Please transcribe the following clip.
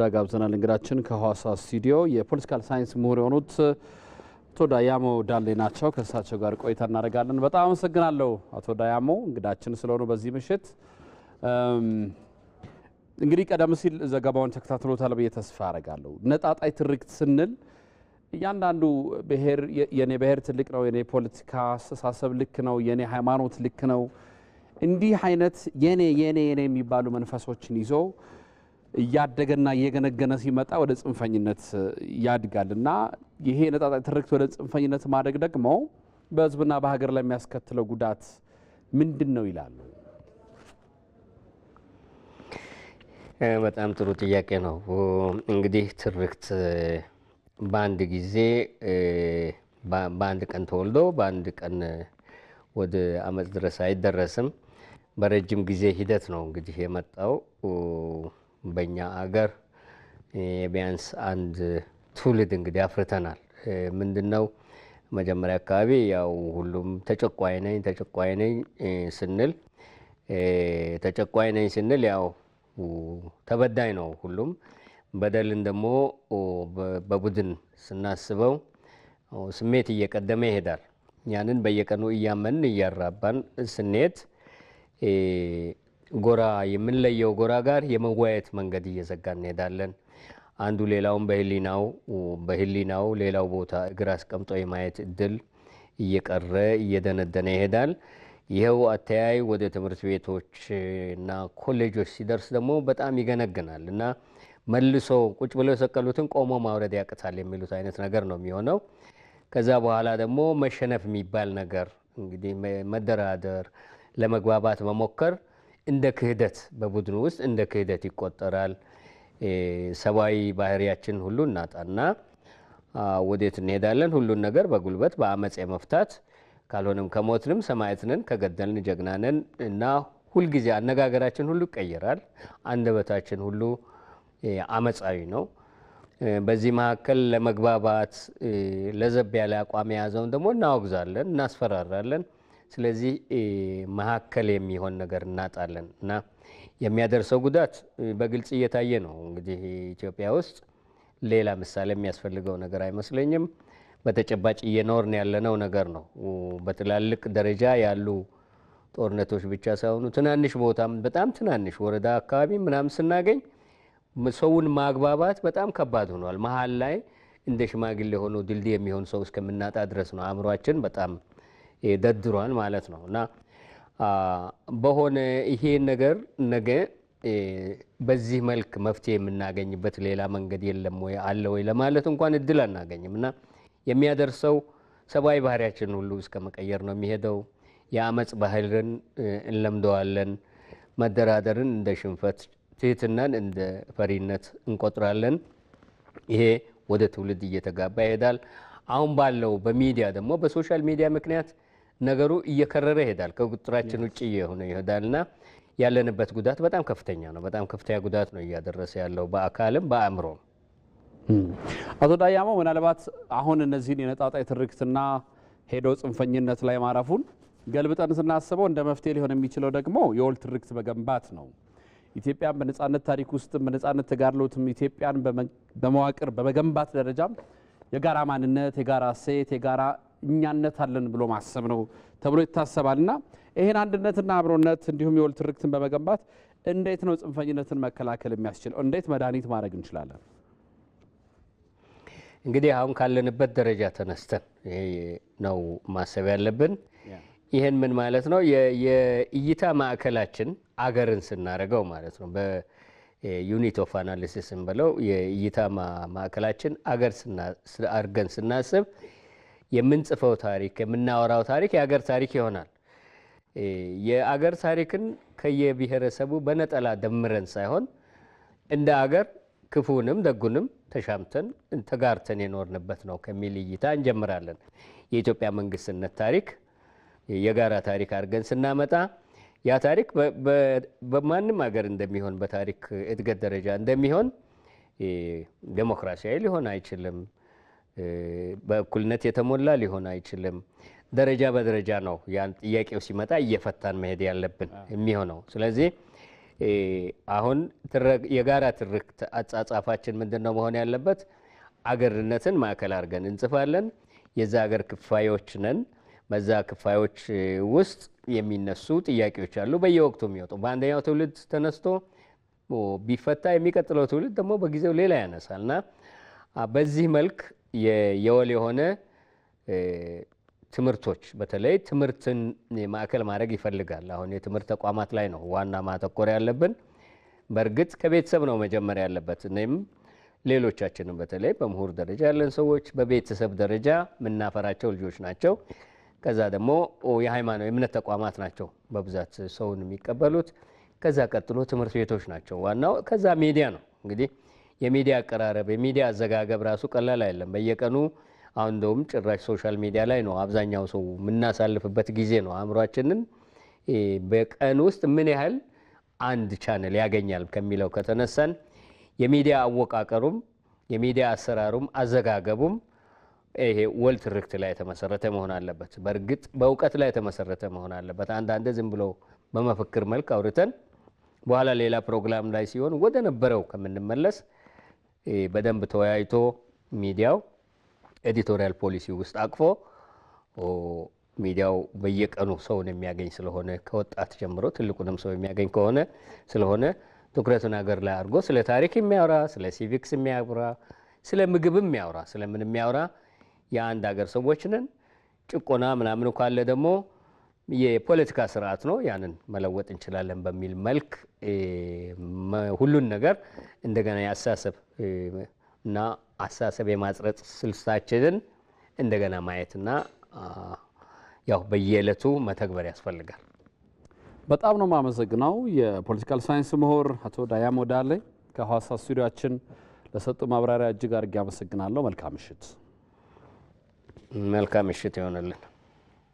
ቶዳ ጋብዘናል። እንግዳችን ከሐዋሳ ስቱዲዮ የፖለቲካል ሳይንስ ምሁር የሆኑት አቶ ዳያሞ ዳሌ ናቸው። ከእሳቸው ጋር ቆይታ እናደርጋለን። በጣም አመሰግናለሁ አቶ ዳያሞ እንግዳችን ስለሆኑ በዚህ ምሽት። እንግዲህ ቀደም ሲል ዘገባውን ተከታትሎታል ብዬ ተስፋ አደርጋለሁ። ነጣጣይ ትርክት ስንል እያንዳንዱ ብሔር የኔ ብሔር ትልቅ ነው፣ የኔ ፖለቲካ አስተሳሰብ ልክ ነው፣ የኔ ሃይማኖት ልክ ነው፣ እንዲህ አይነት የኔ የኔ የኔ የሚባሉ መንፈሶችን ይዞ እያደገና እየገነገነ ሲመጣ ወደ ጽንፈኝነት ያድጋል እና ይሄ ነጣጣ ትርክት ወደ ጽንፈኝነት ማደግ ደግሞ በህዝብና በሀገር ላይ የሚያስከትለው ጉዳት ምንድን ነው ይላሉ። በጣም ጥሩ ጥያቄ ነው። እንግዲህ ትርክት በአንድ ጊዜ በአንድ ቀን ተወልዶ በአንድ ቀን ወደ አመፅ ድረስ አይደረስም። በረጅም ጊዜ ሂደት ነው እንግዲህ የመጣው በእኛ አገር ቢያንስ አንድ ትውልድ እንግዲህ አፍርተናል። ምንድን ነው መጀመሪያ አካባቢ ያው ሁሉም ተጨቋይ ነኝ ተጨቋይ ነኝ ስንል ተጨቋይ ነኝ ስንል ያው ተበዳይ ነው ሁሉም። በደልን ደግሞ በቡድን ስናስበው ስሜት እየቀደመ ይሄዳል። ያንን በየቀኑ እያመንን እያራባን ስንሄድ ጎራ የምንለየው ጎራ ጋር የመወያየት መንገድ እየዘጋ እንሄዳለን። አንዱ ሌላውን በህሊናው በህሊናው ሌላው ቦታ እግር አስቀምጦ የማየት እድል እየቀረ እየደነደነ ይሄዳል። ይኸው አተያይ ወደ ትምህርት ቤቶች እና ኮሌጆች ሲደርስ ደግሞ በጣም ይገነግናል እና መልሶ ቁጭ ብለው የሰቀሉትን ቆሞ ማውረድ ያቅታል የሚሉት አይነት ነገር ነው የሚሆነው። ከዛ በኋላ ደግሞ መሸነፍ የሚባል ነገር እንግዲህ መደራደር፣ ለመግባባት መሞከር እንደ ክህደት በቡድኑ ውስጥ እንደ ክህደት ይቆጠራል። ሰብአዊ ባህሪያችን ሁሉ እናጣና ወዴት እንሄዳለን? ሁሉን ነገር በጉልበት በአመፅ የመፍታት ካልሆነም ከሞትንም ሰማዕትነን ከገደልን ጀግናንን እና ሁልጊዜ አነጋገራችን ሁሉ ይቀየራል። አንደበታችን ሁሉ አመፃዊ ነው። በዚህ መካከል ለመግባባት ለዘብ ያለ አቋም የያዘውን ደግሞ እናወግዛለን፣ እናስፈራራለን። ስለዚህ መካከል የሚሆን ነገር እናጣለን እና የሚያደርሰው ጉዳት በግልጽ እየታየ ነው። እንግዲህ ኢትዮጵያ ውስጥ ሌላ ምሳሌ የሚያስፈልገው ነገር አይመስለኝም። በተጨባጭ እየኖርን ያለነው ነገር ነው። በትላልቅ ደረጃ ያሉ ጦርነቶች ብቻ ሳይሆኑ ትናንሽ ቦታም በጣም ትናንሽ ወረዳ አካባቢ ምናምን ስናገኝ ሰውን ማግባባት በጣም ከባድ ሆኗል። መሀል ላይ እንደ ሽማግሌ ሆኖ ድልድይ የሚሆን ሰው እስከምናጣ ድረስ ነው አእምሯችን በጣም ደድሯል ማለት ነው እና በሆነ ይሄ ነገር ነገ በዚህ መልክ መፍትሄ የምናገኝበት ሌላ መንገድ የለም ወይ አለ ወይ ለማለት እንኳን እድል አናገኝም እና የሚያደርሰው ሰብአዊ ባህሪያችን ሁሉ እስከ መቀየር ነው የሚሄደው። የአመፅ ባህልን እንለምደዋለን። መደራደርን እንደ ሽንፈት፣ ትህትናን እንደ ፈሪነት እንቆጥራለን። ይሄ ወደ ትውልድ እየተጋባ ይሄዳል። አሁን ባለው በሚዲያ ደግሞ በሶሻል ሚዲያ ምክንያት ነገሩ እየከረረ ይሄዳል፣ ከቁጥራችን ውጭ እየሆነ ይሄዳልና ያለንበት ጉዳት በጣም ከፍተኛ ነው። በጣም ከፍተኛ ጉዳት ነው እያደረሰ ያለው በአካልም በአእምሮም። አቶ ዳያሞ ምናልባት አሁን እነዚህን የነጣጣይ ትርክትና ሄዶ ጽንፈኝነት ላይ ማረፉን ገልብጠን ስናስበው እንደ መፍትሄ ሊሆን የሚችለው ደግሞ የወል ትርክት መገንባት ነው። ኢትዮጵያን በነጻነት ታሪክ ውስጥም በነጻነት ተጋድሎትም ኢትዮጵያን በመዋቅር በመገንባት ደረጃም የጋራ ማንነት፣ የጋራ ሴት፣ የጋራ እኛነት አለን ብሎ ማሰብ ነው ተብሎ ይታሰባል እና ይህን አንድነትና አብሮነት እንዲሁም የወል ትርክትን በመገንባት እንዴት ነው ጽንፈኝነትን መከላከል የሚያስችለው? እንዴት መድኃኒት ማድረግ እንችላለን? እንግዲህ አሁን ካለንበት ደረጃ ተነስተን ነው ማሰብ ያለብን። ይህን ምን ማለት ነው? የእይታ ማዕከላችን አገርን ስናደርገው ማለት ነው። በዩኒት ኦፍ አናሊሲስ ብለው የእይታ ማዕከላችን አገር አድርገን ስናስብ የምንጽፈው ታሪክ የምናወራው ታሪክ የአገር ታሪክ ይሆናል። የአገር ታሪክን ከየብሔረሰቡ በነጠላ ደምረን ሳይሆን እንደ አገር ክፉንም ደጉንም ተሻምተን ተጋርተን የኖርንበት ነው ከሚል እይታ እንጀምራለን። የኢትዮጵያ መንግስትነት ታሪክ የጋራ ታሪክ አድርገን ስናመጣ ያ ታሪክ በማንም ሀገር እንደሚሆን በታሪክ እድገት ደረጃ እንደሚሆን ዴሞክራሲያዊ ሊሆን አይችልም። በእኩልነት የተሞላ ሊሆን አይችልም። ደረጃ በደረጃ ነው ያን ጥያቄው ሲመጣ እየፈታን መሄድ ያለብን የሚሆነው። ስለዚህ አሁን የጋራ ትርክት አጻጻፋችን ምንድን ነው መሆን ያለበት? አገርነትን ማዕከል አድርገን እንጽፋለን። የዛ አገር ክፋዮች ነን። በዛ ክፋዮች ውስጥ የሚነሱ ጥያቄዎች አሉ፣ በየወቅቱ የሚወጡ በአንደኛው ትውልድ ተነስቶ ቢፈታ የሚቀጥለው ትውልድ ደግሞ በጊዜው ሌላ ያነሳልና በዚህ መልክ የወል የሆነ ትምህርቶች በተለይ ትምህርትን ማዕከል ማድረግ ይፈልጋል። አሁን የትምህርት ተቋማት ላይ ነው ዋና ማተኮር ያለብን። በእርግጥ ከቤተሰብ ነው መጀመሪያ ያለበት። እኔም ሌሎቻችንም በተለይ በምሁር ደረጃ ያለን ሰዎች በቤተሰብ ደረጃ የምናፈራቸው ልጆች ናቸው። ከዛ ደግሞ የሃይማኖት የእምነት ተቋማት ናቸው በብዛት ሰውን የሚቀበሉት። ከዛ ቀጥሎ ትምህርት ቤቶች ናቸው ዋናው። ከዛ ሜዲያ ነው እንግዲህ የሚዲያ አቀራረብ፣ የሚዲያ አዘጋገብ ራሱ ቀላል አይደለም። በየቀኑ አሁን እንደውም ጭራሽ ሶሻል ሚዲያ ላይ ነው አብዛኛው ሰው የምናሳልፍበት ጊዜ ነው። አእምሯችንን በቀን ውስጥ ምን ያህል አንድ ቻነል ያገኛል ከሚለው ከተነሳን የሚዲያ አወቃቀሩም የሚዲያ አሰራሩም አዘጋገቡም ይሄ ወል ትርክት ላይ የተመሰረተ መሆን አለበት። በእርግጥ በእውቀት ላይ የተመሰረተ መሆን አለበት። አንዳንዴ ዝም ብሎ በመፈክር መልክ አውርተን በኋላ ሌላ ፕሮግራም ላይ ሲሆን ወደ ነበረው ከምንመለስ በደንብ ተወያይቶ ሚዲያው ኤዲቶሪያል ፖሊሲ ውስጥ አቅፎ ሚዲያው በየቀኑ ሰውን የሚያገኝ ስለሆነ ከወጣት ጀምሮ ትልቁንም ሰው የሚያገኝ ከሆነ ስለሆነ ትኩረቱን ሀገር ላይ አድርጎ ስለ ታሪክ የሚያወራ ስለ ሲቪክስ የሚያወራ ስለ ምግብ የሚያወራ ስለምን የሚያወራ የአንድ ሀገር ሰዎች ነን። ጭቆና ምናምን ካለ ደግሞ የፖለቲካ ስርዓት ነው፣ ያንን መለወጥ እንችላለን በሚል መልክ ሁሉን ነገር እንደገና የአስተሳሰብ እና አስተሳሰብ የማጽረጥ ስልሳችንን እንደገና ማየትና ያው በየዕለቱ መተግበር ያስፈልጋል። በጣም ነው የማመሰግነው የፖለቲካል ሳይንስ ምሁር አቶ ዳያሞ ዳሌ ከሐዋሳ ስቱዲዮችን ለሰጡ ማብራሪያ እጅግ አድርጌ አመሰግናለሁ። መልካም ምሽት። መልካም ምሽት ይሆንልን።